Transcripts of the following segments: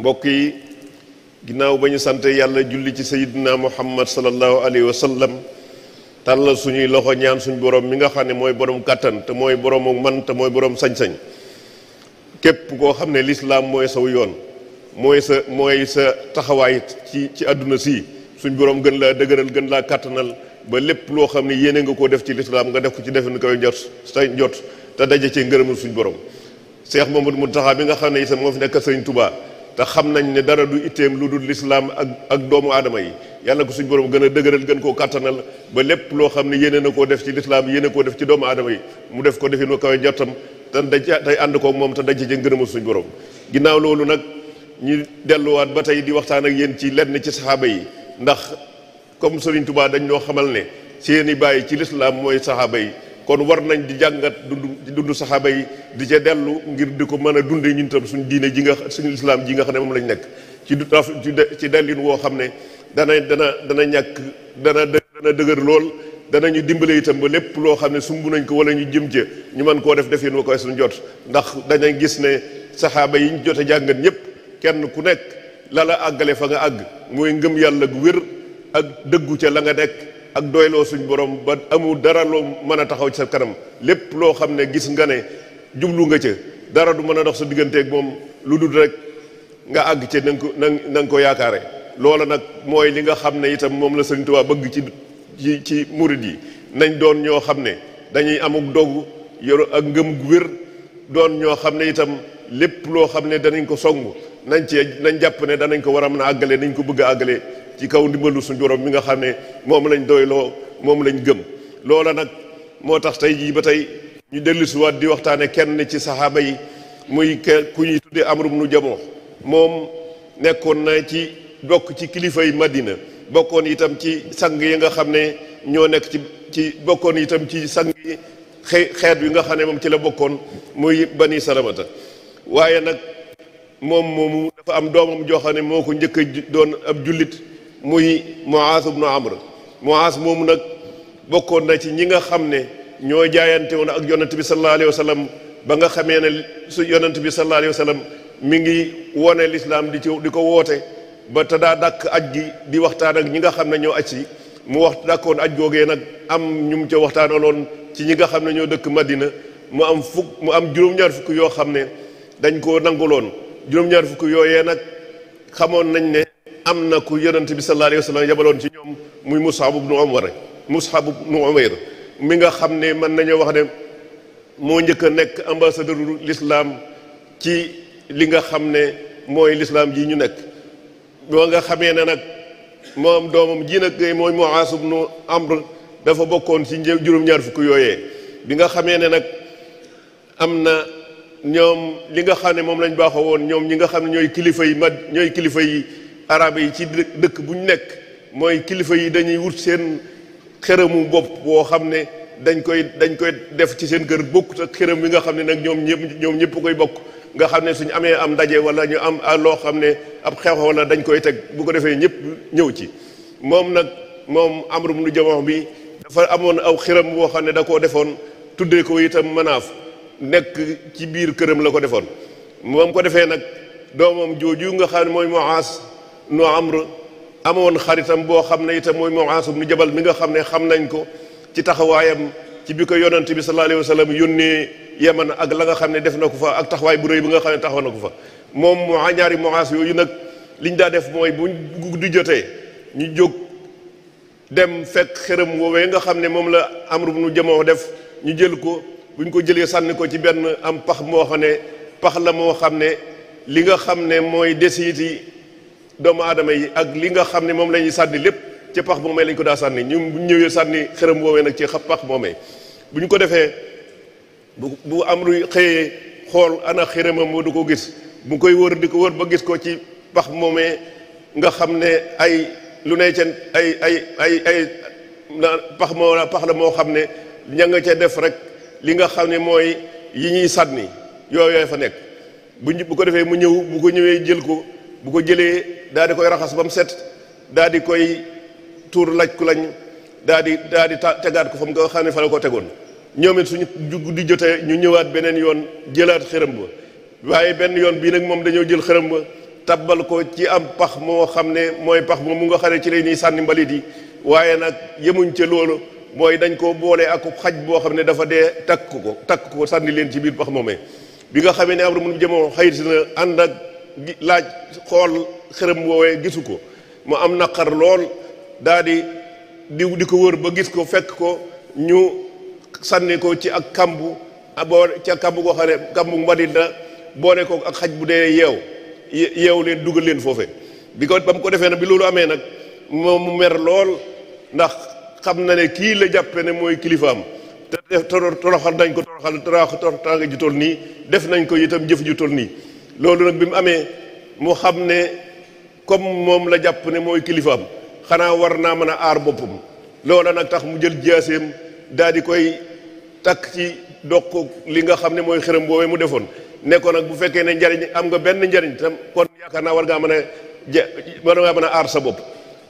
mbokk yi ginnaaw ba ñu sant yàlla julli ci sayidina muhammad sallallahu alayhi wa sallam tàllal suñuy loxo ñaan suñu borom mi nga xam ne mooy borom kàttan te mooy borom ak man te mooy borom sañ-sañ képp koo xam ne lislaam mooy saw yoon mooy sa mooy sa taxawaay ci ci àdduna si suñ borom gën laa dëgëral gën laa kàttanal ba lépp loo xam ne yéene nga koo def ci lislaam nga def ko ci defen koy njot sa njot te daje ci ngërëmul suñ borom Cheikh Mamadou Mountakha bi nga te xam nañ ne dara du itteem lu dul lislaam ak ak doomu aadama yi yàlla ko suñ borom gën a dëgëral gën koo kàttanal ba lépp loo xam ne yéene na koo def ci lislaam yéene koo def ci doomu aadama yi mu def ko defi nu kawe jortam te dañ tey ànd koog moom te dañ ci ngërëmu suñ borom ginnaaw loolu nag ñi delluwaat ba tey di waxtaan ak yéen ci lenn ci saxaaba yi ndax comme Serigne Touba dañ ñoo xamal ne seeni bàyyi ci lislaam mooy saxaaba yi kon war nañ di jàngat dund dund saxaaba yi di ca dellu ngir di ko mën a dundee ñun tam suñ diine ji nga suñu lislaam ji nga xam ne moom lañ nekk ci du taf ci dellin woo xam ne dana dana dana ñàkk dana dana dëgër lool danañu dimbale itam ba lépp loo xam ne sumb nañ ko wala ñu jëm ca ñu mën koo def defee yéen koy suñu jot ndax danañ gis ne saxaaba yi ñu jot jàngat ñëpp kenn ku nekk la la àggale fa nga àgg mooy ngëm yàlla gu wér ak dëggu ca la nga nekk ak doyloo suñ borom ba amul dara loo mën a taxaw ci sa kanam lépp loo xam ne gis nga ne jublu nga ca dara du mën a dox sa digganteeg moom lu dul rek nga àgg ca na ko na nga ko yaakaare loola nag mooy li nga xam ne itam moom la Sëriñ bëgg ci ci ci murit yi nañ doon ñoo xam ne dañuy amuk dog yor ak ngëm gu wér doon ñoo xam ne itam lépp loo xam ne danañ ko song nañ ci nañ jàpp ne danañ ko war a mën a àggale nañ ko bëgg a àggale ci kaw ndimbalu suñu borom mi nga xam ne moom lañ doyloo moom lañu gëm loola nag moo tax tey jii ba tey ñu dellusiwaat di waxtaane kenn ci saxaaba yi muy ku ñuy tuddee Amr ibnu Jamuh moom nekkoon na ci bokk ci kilifa yi Madina bokkoon itam ci sang yi nga xam ne ñoo nekk ci ci bokkoon itam ci sang yi xeet bi nga xam ne moom ci la bokkoon muy bani salamata waaye nag moom moomu dafa am doomam joo xam ne moo ko njëkk doon ab jullit muy Muaas ibnu Amr Muaas moomu nag bokkoon na ci ñi nga xam ne ñoo jaayante woon ak yonent bi sallallahu alayhi wa xamee ne su yonent bi sallallahu alayhi mi ngi wone lislaam di ci di ko woote ba te dàkk aj gi di waxtaan ak ñi nga xam ne ñoo aj si mu wax dàkkoon aj googee nag am ñu mu ca waxtaanaloon ci ñi nga xam ne ñoo dëkk Madina mu am fukk mu am juróom-ñaar fukk yoo xam ne dañ koo nanguloon juróom-ñaar fukk yee nag xamoon nañ ne am na ku yonent bi sallallahu alayhi wa yabaloon ci ñoom muy Mus'ab ibn Umayr Mus'ab ibn Umayr mi nga xam ne mën nañoo wax ne moo njëkk a nekk ambassadeur lislaam ci li nga xam ne mooy l'islam ji ñu nekk nga xamee ne nag moom doomam ji nag mooy Mu'aas ibn Amr dafa bokkoon ci juróom-ñaar fukk yooyee bi nga xamee ne nag am na ñoom li nga xam ne moom lañ baaxoo woon ñoom ñi nga xam ne ñooy kilifa yi mad ñooy kilifa yi arab yi ci dëkk bu ñu nekk mooy kilifa yi dañuy wut seen xeramu bopp boo xam ne dañ koy dañ koy def ci seen kër bokkut ak xeram bi nga xam ne nag ñoom ñëpp ñoom ñëpp koy bokk nga xam ne suñu amee am ndaje wala ñu am loo xam ne ab xew wala dañ koy teg bu ko defee ñëpp ñëw ci moom nag moom amru nu jamono bi dafa amoon aw xeram boo xam ne da koo defoon tuddee ko itam manaaf nekk ci biir këram la ko defoon moom ko defee nag doomam jooju nga xam ne mooy Muaas nu amr amoon xaritam boo xam ne itam mooy Muaas ibnu Jabal mi nga xam ne xam nañ ko ci taxawaayam ci bi ko yonent bi sallallahu alayhi wa sallam yónnee Yaman ak la nga xam ne def na ko fa ak taxawaay bu rëy bi nga xam ne taxaw na ko fa moom mu ñaari Muaas yooyu nag liñ daa def mooy bu guddi jotee ñu jóg dem fekk xërëm woowee nga xam ne moom la amr ibnu Jamal def ñu jël ko buñ ko jëlee sànni ko ci benn am pax moo xam ne pax la moo xam ne li nga xam ne mooy desiti doomu aadama yi ak li nga xam ne moom la ñuy sànni lépp ci pax moomee lañ ko daa sànni ñu bu ñëwee sànni xërëm woowee nag ci pax moomee bu ñu ko defee bu bu am lu xëyee xool ana xërëmam moo du ko gis bu koy wër di ko wër ba gis ko ci pax moomee nga xam ne ay lu ne ca ay ay ay ay pax moo pax la moo xam ne ña nga ca def rek li nga xam ne mooy yi ñuy sànni yooyu fa nekk bu bu ko defee mu ñëw bu ko ñëwee jël ko bu ko jëlee daal di koy raxas ba mu set daal di koy tuur laj ku lañ daal di daal di tegaat ko fa mu nga xam ne fa la ko tegoon ñoom it suñu di jotee ñu ñëwaat beneen yoon jëlaat xërëm ba waaye benn yoon bii nag moom dañoo jël xërëm ba tabbal ko ci am pax moo xam ne mooy pax moom mu nga xam ne ci lay nii sànni mbalit yi waaye nag yemuñ ca loolu dañ koo boole ak xaj boo xam ne dafa dee takk ko takk ko sànni leen ci biir pax moomee bi nga xamee ne am na mu jëmoo xayit si na ànd ak laaj xool xërëm woowee gisu ko mu am naqar lool daa di di di ko wër ba gis ko fekk ko ñu sànni ko ci ak kambu boo ci ak kamb goo xam ne kambu mbadit na boole ko ak xaj bu dee yeew yeew leen dugal leen foofe bi ko ba mu ko defee nag bi loolu amee nag moom mu mer lool ndax xam na ne kii la jàppe ne mooy kilifaam te toroxal nañ ko toroxal toroxal ji toll nii def nañ ko itam jëf ju toll nii loolu nag bi mu amee mu xam ne comme moom la jàpp ne mooy kilifaam xanaa war naa mën a aar boppam loola nag tax mu jël jaaseem daal di koy takk ci doq li nga xam ne mooy xërëm boobee mu defoon nekkoon nag bu fekkee ne njariñ am nga benn njariñ tam kon yaakaar naa war ngaa mën a ja war ngaa a aar sa bopp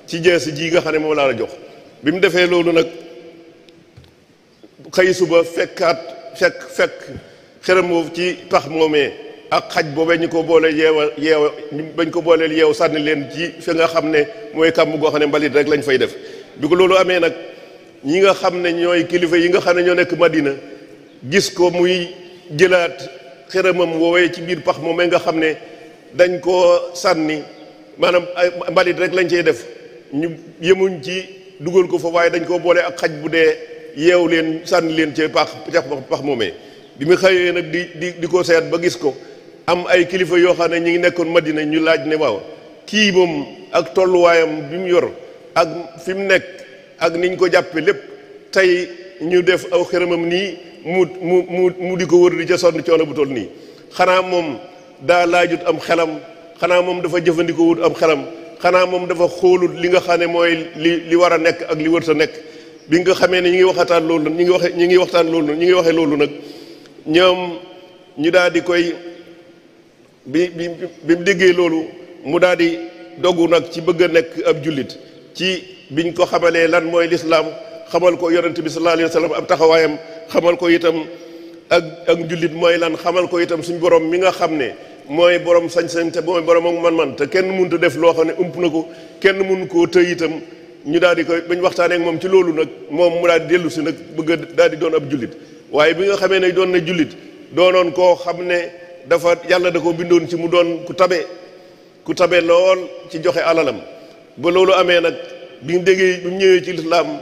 ci jaasi ji nga xam ne moom laa la jox bi mu defee loolu nag xëy suba fekkaat fekk fekk xërëm ci tax moomee ak xaj boobee ñu ko boole yeewa yeewa bañ ko booleel yeew sànni leen ci fi nga xam ne mooy kàmm goo xam ne mbalit rek lañ fay def bi ko amee nag ñi nga xam ne ñooy kilifa yi nga xam ne ñoo nekk Madina gis ko muy jëlaat xërëmam woowee ci biir pax moomee nga xam ne dañ koo sànni maanaam mbalit rek lañ cey def ñu yemuñ ci dugal ko fa waaye dañ koo boole ak xaj bu dee yeew leen sànni leen ci pax pax moomee bi mu xëyee nag di di di ko seet ba gis ko am ay kilifa yoo xam ne ñu ngi nekkoon Madina ñu laaj ne waaw kii moom ak tolluwaayam bi mu yor ak fi mu nekk ak niñ ko jàppee lépp tey ñu def aw xërëmam nii mu mu mu mu di ko wër di ca sonn coono bu toll nii xanaa moom daa laajut am xelam xanaa moom dafa jëfandikoo wut am xelam xanaa moom dafa xoolut li nga xam ne mooy li li war a nekk ak li wër sa nekk bi nga xamee ne ñu ngi waxataan loolu ñu ngi waxe ñu ngi waxtaan loolu ñu ngi waxe loolu nag ñoom ñu daal koy. bi bi bi mu déggee loolu mu daal di dogu nag ci bëgg a nekk ab jullit ci biñ ko xamalee lan mooy lislaam xamal ko yonent bi sallallahu alayhi wa sallam taxawaayam xamal ko itam ak ak jullit mooy lan xamal ko itam suñ borom mi nga xam ne mooy borom sañ-sañ te mooy borom ak man-man te kenn mun a def loo xam ne ump na ko kenn mënu koo tëy itam ñu daal di koy bañ waxtaanee moom ci loolu nag moom mu daal di dellu si nag bëgg a daal di doon ab jullit waaye bi nga xamee ne doon na jullit dafa yàlla da ko bindoon ci mu doon ku tabe ku tabe lool ci joxe alalam ba loolu amee nag bi mu déggee bi ñëwee ci lislaam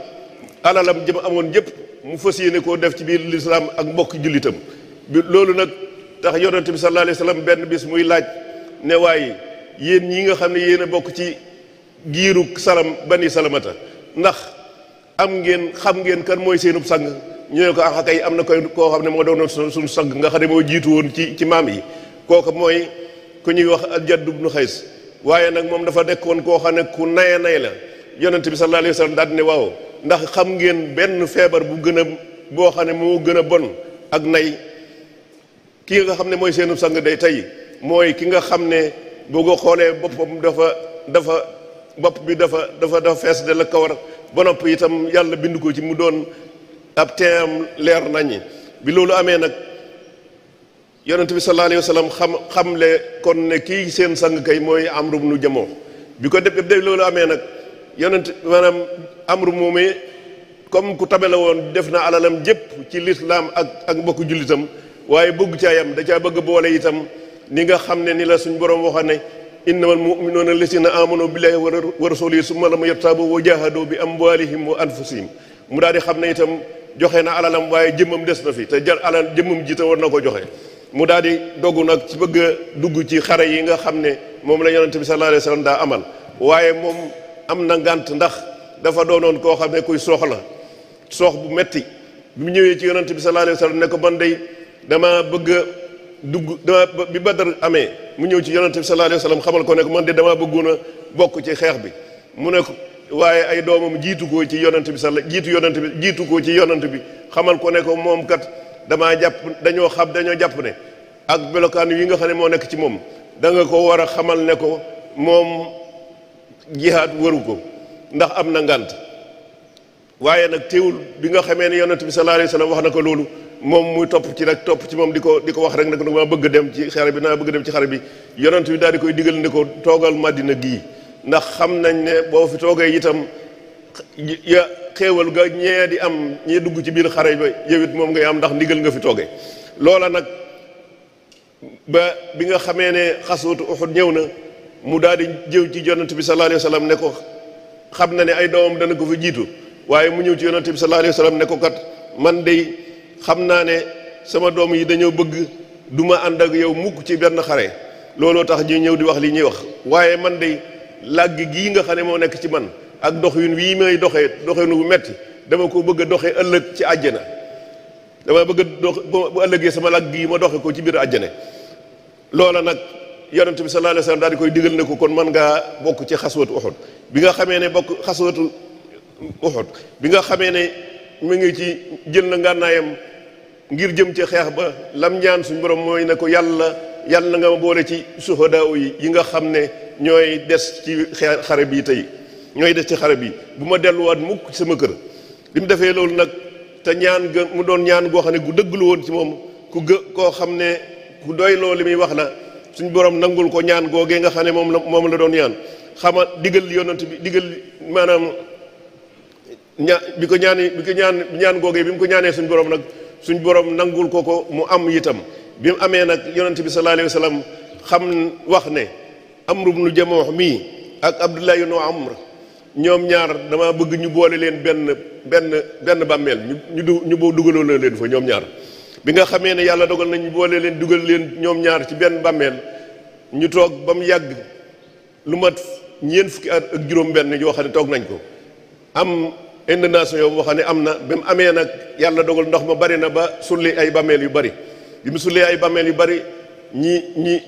alalam jëm amoon jëpp mu fas yéene koo def ci biir lislaam ak mbokk jullitam bi loolu nag tax yonent bi sallallahu alayhi wa sallam benn bis muy laaj ne waaye yéen ñi nga xam ne yéen bokk ci giiru salam bani salamata ndax am ngeen xam ngeen kan mooy seenub sang ñu ko ah kay am na koy koo xam ne moo doonoon suñu sang nga xam ne moo jiitu woon ci ci maam yi kooku mooy ku ñuy wax Aljadd ibnu Xays waaye nag moom dafa nekkoon koo xam ne ku naye nay la yonent bi sallallahu alayhi wa sallam daal ndax xam ngeen benn feebar bu gën a boo xam ne moo gën a bon ak nay ki nga xam ne mooy seenu sang day tey mooy ki nga xam ne boo ko xoolee boppam dafa dafa bopp bi dafa dafa dafa fees de la kawar ba noppi itam yàlla bind ko ci mu doon ab teeyam leer nañi bi loolu amee nag yonent bi sallallahu alayhi xam le kon ne kii seen sang kay mooy amru bnu jamoo bi ko def def loolu amee nag yonent maanaam amru moomi comme ku la woon def na alalam jëpp ci lislaam ak ak mbokk jullitam waaye bëgg caa yam da caa bëgg boole itam ni nga xam ne ni la suñ borom waxoon ne innamal mu'minuuna lazina aamanu billahi wa rasulihi summa lam yartabu wa jahadu bi amwalihim wa anfusihim mu daal di xam ne itam joxe na alalam waaye jëmmam des na fi te jël alal jëmmam ji te war na ko joxe mu daal di dogu nag ci bëgg dugg ci xare yi nga xam ne moom la yonent bi sallallahu alayhi daa amal waaye moom am na ngànt ndax dafa doonoon koo xam ne kuy soox la soox bu metti bi mu ñëwee ci yonent bi sallallahu alayhi wa sallam ne ko man day dama bëgg a dugg dama bi badar amee mu ñëw ci yonent bi sallallahu alayhi wa sallam xamal ko ne ko man de dama bëggoon bokk ci xeex bi mu ne ko waaye ay doomam jiitu ko ci yonent bi la jiitu yonent bi jiitu ko ci yonent bi xamal ko ne ko moom kat damaa jàpp dañoo xam dañoo jàpp ne ak melokaan yi nga xam ne moo nekk ci moom da nga ko war a xamal ne ko moom jihaad waru ko ndax am na ngànt waaye nag bi nga xamee ne yonent bi sallallahu alayhi wa wax na ko loolu moom muy topp ci rek topp ci moom di ko di ko wax rek nag maa bëgg dem ci xare bi naa bëgg dem ci xare bi yonent bi daal di koy digal ne ko toogal màddina gii ndax xam nañ ne boo fi toogee itam ya xéewal ga ñee di am ñi dugg ci biir xare ba yowit it moom ngay am ndax ndigal nga fi toogee loola nag ba bi nga xamee ne xasuutu Uhud ñëw na mu daal di jëw ci yonent bi salaa alayhi wa sallam ne ko xam na ne ay doomam dana ko fi jiitu waaye mu ñëw ci bi sallallahu alayhi wa sallam kat man de xam naa ne sama doom yi dañoo bëgg duma ma ànd ak yow mukk ci benn xare looloo tax ñuy ñëw di wax lii ñuy wax waaye man dey làgg gii nga xam ne moo nekk ci man ak dox yun wii may doxee doxeenu bu metti dama ko bëgg doxe ëllëg ci àjjana dama bëgg a dox bu ëllëgee sama làgg gii ma doxe ko ci biir àjjana loola nag yonent bi sallallahu alayhi di koy digal ko kon mën ngaa bokk ci xaswatu uxud bi nga xamee ne bokk xaswatu uxud bi nga xamee ne mu ngi ci jël na ngànnaayam ngir jëm ci xeex ba lam ñaan suñu borom mooy ne ko yàlla yàlla nga boole ci suhadaa yi yi nga xam ne ñooy des ci xare bi tey ñooy des ci xare bi bu ma delluwaat mukk sama kër bi mu defee loolu nag te ñaan ga mu doon ñaan goo xam ne gu dëgg woon ci moom ku gë koo xam ne ku doy loo li muy wax na suñ borom nangul ko ñaan googee nga xam ne moom la moom la doon ñaan xama digal yonent bi digal maanaam ña bi ko ñaan bi ko ñaan ñaan googee bi mu ko ñaanee suñ borom nag suñ borom nangul ko ko mu am itam bi mu amee nag yonent bi sallallahu alayhi wa sallam xam wax ne amru bnu jamoox mii ak abdullahi noo amr ñoom ñaar damaa bëgg ñu boole leen benn benn benn bàmmeel ñu du ñu boo dugaloo la leen fa ñoom ñaar bi nga xamee ne yàlla dogal nañ boole leen dugal leen ñoom ñaar ci benn bàmmeel ñu toog ba mu yàgg lu mat ñeent fukki at ak yoo xam ne toog nañ ko am indonation yoo boo xam ne am na ba mu amee nag yàlla dogal ndox ma bari na ba sulli ay bàmmeel yu bari bi mu sullee ay bàmmeel yu bari ñi ñi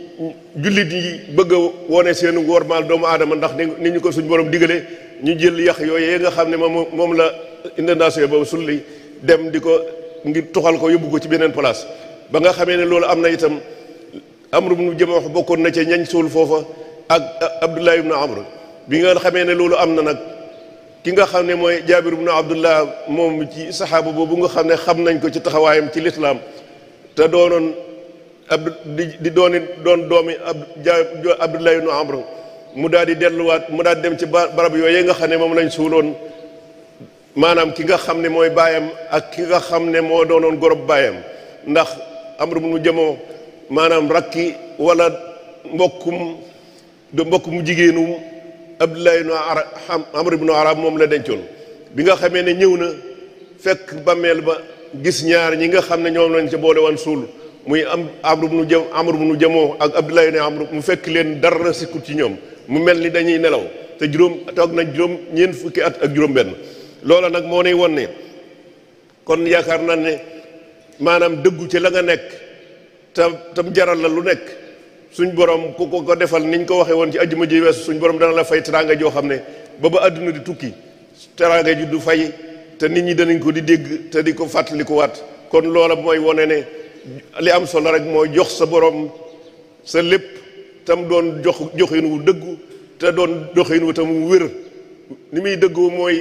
jullit yi bëgg a wone seen wormaal doomu aadama ndax ni ñu ko suñ borom digale ñu jël yax yooyu nga xam ne moom moom la inondation boobu sulli dem di ko ngir tuxal ko yóbbu ko ci beneen place ba nga xamee ne loolu am na itam amru ibnu jamaah bokkoon na ca ñañ suul foofa ak abdullah ibnu amr bi xamee ne loolu am na nag ki nga xam ne mooy jaabir ibnu abdullah moom ci saxaaba boobu nga xam ne xam nañ ko ci taxawaayam ci lislaam te doonoon di di dooni doon doomi ab Abdullahi ibn Amr mu daal di delluwaat mu daal di dem ci barab yooyu nga xam ne moom lañ suuloon maanaam ki nga xam ne mooy baayam ak ki nga xam ne moo doonoon gorob baayam ndax Amr ibn Jamoo maanaam rakki wala mbokkum du mbokkum jigéenum Abdullahi ibn bi nu Arab moom la dencoon bi nga xamee ne ñëw na fekk bàmmeel ba gis ñaar ñi nga xam ne ñoom lañ ci boole woon suul muy am amru bu nu jëm amru bu nu jëmoo ak abdullahi ne amru mu fekk leen dara sikkut ci ñoom mu mel ni dañuy nelaw te juróom toog nañ juróom ñeent fukki at ak juróom benn loola nag moo nay won ne kon yaakaar naa ne maanaam dëggu ci la nga nekk te tam jaral la lu nekk suñ borom ku ko ko defal ñu ko waxee woon ci ajjuma ji weesu suñ borom dana la fay teraanga joo xam ne ba ba àdduna di tukki teraanga ji du fay te nit ñi danañ ko di dégg te di ko fàttalikuwaat kon loola mooy wone ne li am solo rek moo jox sa borom sa lépp tam doon jox joxin wu dëggu te doon doxin wu tam wér ni muy dëggu mooy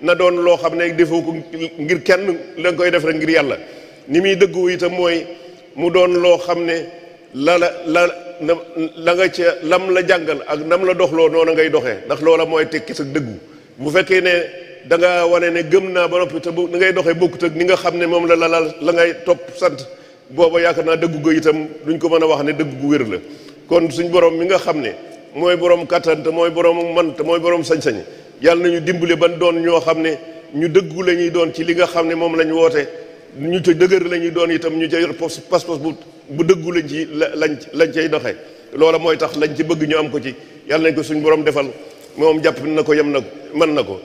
na doon loo xam ne defoo ko ngir kenn la nga koy def rek ngir yàlla ni muy dëggu itam mooy mu doon loo xam ne la la la la nga ca lam la jàngal ak nam la doxloo noonu ngay doxe ndax loola mooy tekki sa dëggu bu fekkee ne da nga wane ne gëm naa ba noppi te bu ni ngay doxee bokkut ak ni nga xam ne moom la la la ngay topp sant booba yaakaar naa dëggu ga itam duñ ko mën a wax ne dëgg gu wér la kon suñ borom mi nga xam ne mooy borom kattan te mooy borom man te mooy borom sañ-sañ yàlla nañu dimbale ban doon ñoo xam ne ñu dëggu la ñuy doon ci li nga xam ne moom lañ woote ñu ca dëgër lañuy doon itam ñu ca yor pas-pas bu bu dëggu lañ ci lañ lañ cay doxee loola mooy tax lañ ci bëgg ñu am ko ci yàlla nañ ko suñ borom defal moom jàpp na ko yem na ko mën na ko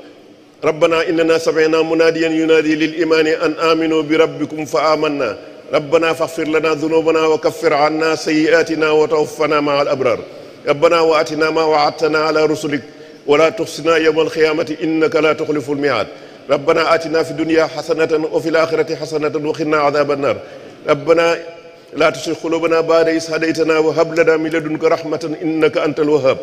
rabbana innana sami'na munadiyan yunadi lil imani an aminu bi rabbikum fa amanna ربنا فاغفر لنا ذنوبنا وكفر عنا سيئاتنا وتوفنا مع الأبرار ربنا وآتنا ما وعدتنا على رسلك ولا تخزنا يوم القيامة إنك لا تخلف الميعاد ربنا آتنا في الدنيا حسنة وفي الآخرة حسنة وقنا عذاب النار ربنا لا تشغل قلوبنا بعد إذ هديتنا وهب لنا من لدنك رحمة إنك أنت الوهاب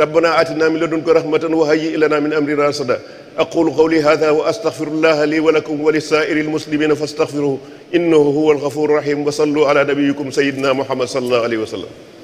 ربنا آتنا من لدنك رحمة وهيئ لنا من أمرنا رشدا أقول قولي هذا وأستغفر الله لي ولكم ولسائر المسلمين فاستغفروه innahu huwa alxafuru rahim wa sallu ala nabiyikum sayidina muhammad sallallahu alayhi wa sallam